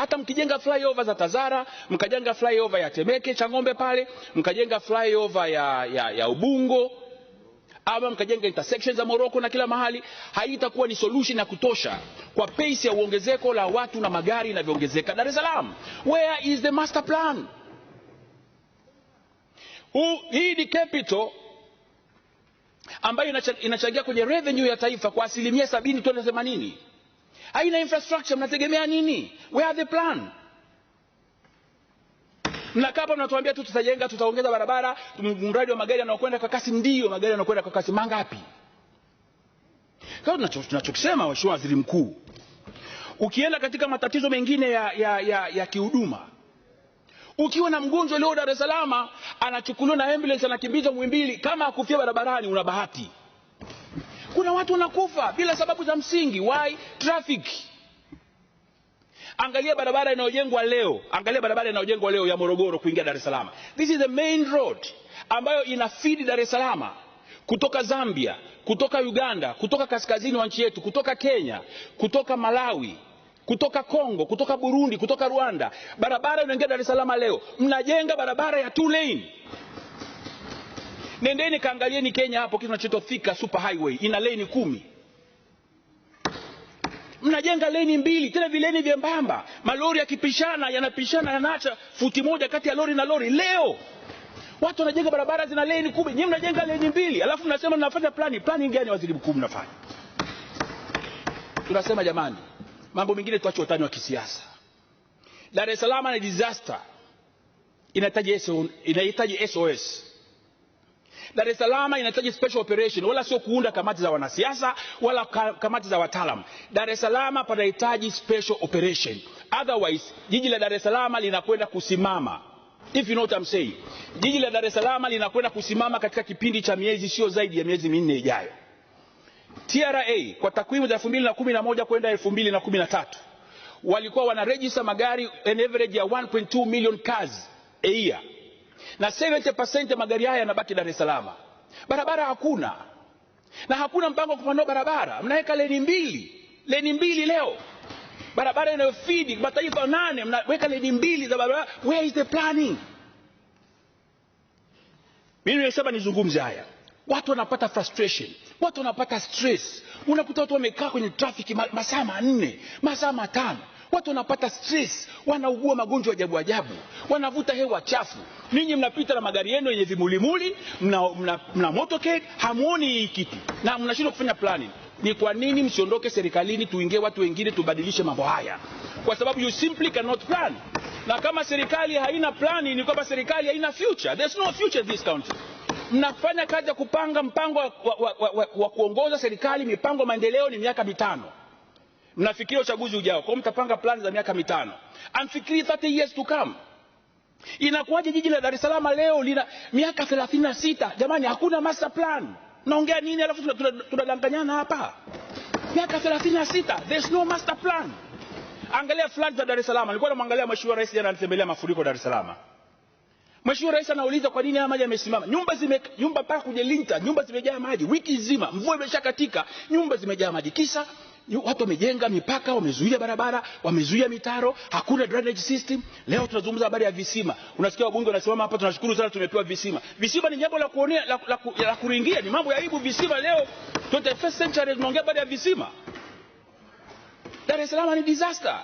hata mkijenga flyover za Tazara, mkajenga flyover ya Temeke Chang'ombe pale, mkajenga flyover ya, ya, ya Ubungo ama mkajenga intersection za Moroko na kila mahali, haitakuwa ni solution ya kutosha kwa pace ya uongezeko la watu na magari inavyoongezeka Dar es Salaam. Where is the master plan? Hu, hii ni capital ambayo inachangia kwenye revenue ya taifa kwa asilimia sabini na themanini haina infrastructure mnategemea nini where are the plan mnakaa hapa mnatuambia tu tutajenga tutaongeza barabara mradi wa magari yanayokwenda kwa kasi ndio magari yanayokwenda kwa kasi mangapi kama tunachokisema mheshimiwa waziri mkuu ukienda katika matatizo mengine ya, ya, ya, ya kihuduma ukiwa na mgonjwa leo dar es salaam anachukuliwa na ambulance anakimbizwa mwimbili kama akufia barabarani una bahati kuna watu wanakufa bila sababu za msingi why traffic angalia barabara inayojengwa leo angalia barabara inayojengwa leo ya morogoro kuingia dar es salaam this is the main road ambayo feed dar es salaam kutoka zambia kutoka uganda kutoka kaskazini wa nchi yetu kutoka kenya kutoka malawi kutoka Kongo, kutoka Burundi, kutoka Rwanda. Barabara inaingia Dar es Salaam leo, mnajenga barabara ya two lane Nendeni kaangalieni Kenya hapo kitu kinachoitwa Thika Super Highway ina leni kumi mnajenga leni mbili tena vileni vyembamba, malori yakipishana yanapishana, yanaacha futi moja kati ya lori na lori. Leo watu wanajenga barabara zina leni kumi, nyinyi mnajenga leni mbili, alafu mnasema mnafanya plani. Plani gani, waziri mkuu, mnafanya? Tunasema jamani, mambo mengine tuache utani wa kisiasa. Dar es Salaam ni disaster, inahitaji SOS, inahitaji SOS. Dar es Salaam inahitaji special operation, wala sio kuunda kamati za wanasiasa wala kamati za wataalamu. Dar es Salaam panahitaji special operation, otherwise jiji la Dar es Salaam linakwenda kusimama If you know what I'm saying. Jiji la Dar es Salaam linakwenda kusimama katika kipindi cha miezi sio zaidi ya miezi minne ijayo. TRA kwa takwimu za 2011 kwenda 2013 walikuwa wanarejista magari an average ya 1.2 million cars a year na 70% magari haya yanabaki Dar es Salaam. Barabara hakuna na hakuna mpango wa kupanua barabara, mnaweka leni mbili, leni mbili leo barabara inayofidi mataifa nane, mnaweka leni mbili za barabara. Where is the planning? Mimi nimesema nizungumze haya, watu wanapata frustration, watu wanapata stress. Unakuta watu wamekaa kwenye trafiki masaa manne, masaa matano watu wanapata stress, wanaugua magonjwa ajabu ajabu, wanavuta hewa chafu. Ninyi mnapita na magari yenu yenye vimulimuli, mna, mna, mna motorcade, hamuoni hii kitu na mnashindwa kufanya planning. Ni kwa nini msiondoke serikalini, tuingie watu wengine, tubadilishe mambo haya? Kwa sababu you simply cannot plan, na kama serikali haina plani, ni kwamba serikali haina future. There's no future in this country mnafanya kazi ya kupanga mpango wa, wa, wa, wa, wa kuongoza serikali mipango maendeleo ni miaka mitano mnafikiria uchaguzi ujao, kwa mtapanga plani za miaka mitano, amfikirii 30 years to come. Inakuwaje jiji la Dar es Salaam leo lina miaka 36? Jamani, hakuna master plan. Naongea nini alafu tunadanganyana hapa? Miaka 36, there's no master plan. Angalia fulani za Dar es Salaam, nilikuwa namwangalia mheshimiwa rais jana alitembelea mafuriko Dar es Salaam. Mheshimiwa Rais anauliza kwa nini haya maji yamesimama. Nyumba zime nyumba mpaka kujelinta, nyumba zimejaa maji wiki nzima, mvua imeshakatika, nyumba zimejaa maji. Kisa watu wamejenga mipaka, wamezuia barabara, wamezuia mitaro, hakuna drainage system. Leo tunazungumza habari ya visima, unasikia wabunge wanasimama hapa, tunashukuru sana tumepewa visima. Visima ni jambo la kuonea, la, la, la, la kuringia, ni mambo ya aibu. Visima leo 21st century tunaongea habari ya visima. Dar es Salaam ni disaster,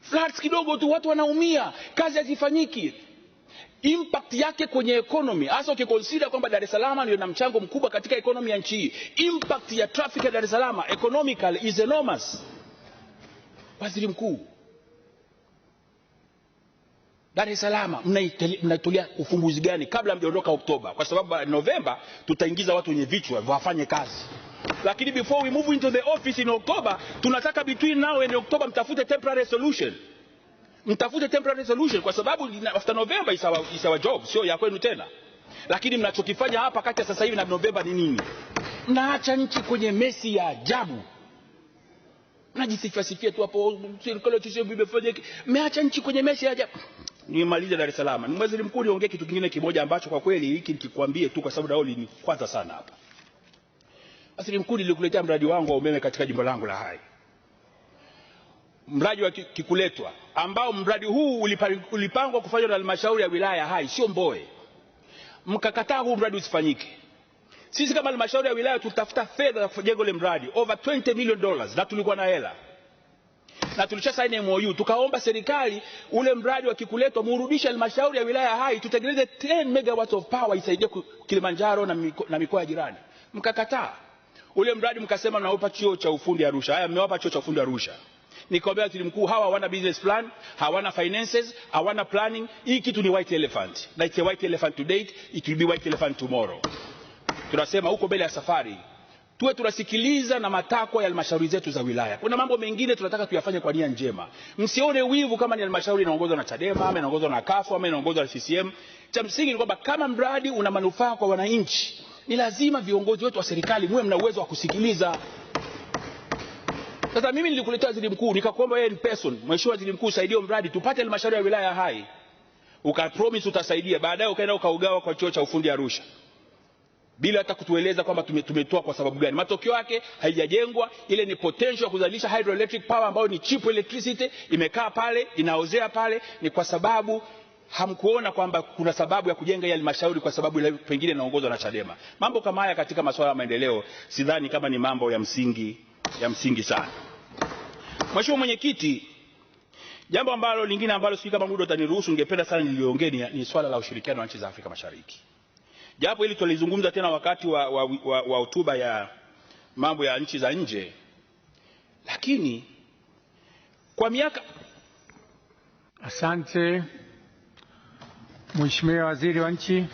floods kidogo tu watu wanaumia, kazi hazifanyiki impact yake kwenye economy, hasa ukikonsida kwamba Dar es Salaam ndio na mchango mkubwa katika economy ya nchi hii. Impact ya traffic ya Dar es Salaam economically is enormous. Waziri Mkuu, Dar es Salaam mnaitolea ufumbuzi gani kabla mjaondoka Oktoba? Kwa sababu Novemba tutaingiza watu wenye vichwa wafanye kazi, lakini before we move into the office in October, tunataka between now and October mtafute temporary solution mtafute temporary solution kwa sababu after November isawa, isawa job sio ya kwenu tena. Lakini mnachokifanya hapa kati ya sasa hivi na November ni nini? Mnaacha nchi kwenye mesi ya ajabu, mnajisifasifia tu hapo, serikali tu imefanya hiki. Mmeacha nchi kwenye mesi ya ajabu. Nimalize Dar es Salaam, ni waziri mkuu, niongee kitu kingine kimoja ambacho kwa kweli hiki nikikwambie tu, kwa sababu dao ni kwanza sana hapa. Waziri mkuu, nilikuletea mradi wangu wa umeme katika jimbo langu la Hai mradi wa Kikuletwa ambao mradi huu ulipangwa kufanywa na halmashauri ya wilaya Hai, sio Mboe. Mkakataa huu mradi usifanyike. Sisi kama halmashauri ya wilaya tutafuta fedha za jengo ule mradi over 20 million dollars, na tulikuwa na hela na tulisha saini MOU, tukaomba serikali ule mradi wa Kikuletwa muurudishe halmashauri ya wilaya Hai, tutengeneze 10 megawatts of power isaidie Kilimanjaro na, miko, na mikoa ya jirani. Mkakataa ule mradi, mkasema naupa chuo cha ufundi Arusha. Haya, mmewapa chuo cha ufundi Arusha. Nikamwambia waziri mkuu, hawa hawana business plan, hawana finances, hawana planning. Hii kitu ni white elephant, na it's a white elephant to date, it will be white elephant tomorrow. Tunasema huko mbele ya safari tuwe tunasikiliza na matakwa ya halmashauri zetu za wilaya. Kuna mambo mengine tunataka tuyafanye kwa nia njema, msione wivu kama ni halmashauri inaongozwa na Chadema ama inaongozwa na Kafu ama inaongozwa na CCM. Cha msingi ni kwamba kama mradi una manufaa kwa wananchi, ni lazima viongozi wetu wa serikali muwe mna uwezo wa kusikiliza. Sasa mimi nilikuletea waziri mkuu nikakuomba wewe in person, mheshimiwa waziri mkuu, saidie mradi tupate halmashauri ya wilaya Hai, ukapromise utasaidia. Baadaye ukaenda ukaugawa kwa chuo cha ufundi Arusha bila hata kutueleza kwamba tumetoa kwa sababu gani. Matokeo yake haijajengwa, ile ni potential ya kuzalisha hydroelectric power ambayo ni cheap electricity, imekaa pale inaozea pale, ni kwa sababu hamkuona kwamba kuna sababu ya kujenga ile halmashauri kwa sababu ile pengine inaongozwa na Chadema. Mambo kama haya katika masuala ya maendeleo sidhani kama ni mambo ya msingi, ya msingi sana. Mheshimiwa Mwenyekiti, jambo ambalo lingine ambalo sijui kama muda utaniruhusu, ningependa sana niliongee ni, ni swala la ushirikiano wa nchi za Afrika Mashariki, japo hili tulizungumza tena wakati wa hotuba wa, wa, wa ya mambo ya nchi za nje, lakini kwa miaka. Asante Mheshimiwa Waziri wa Nchi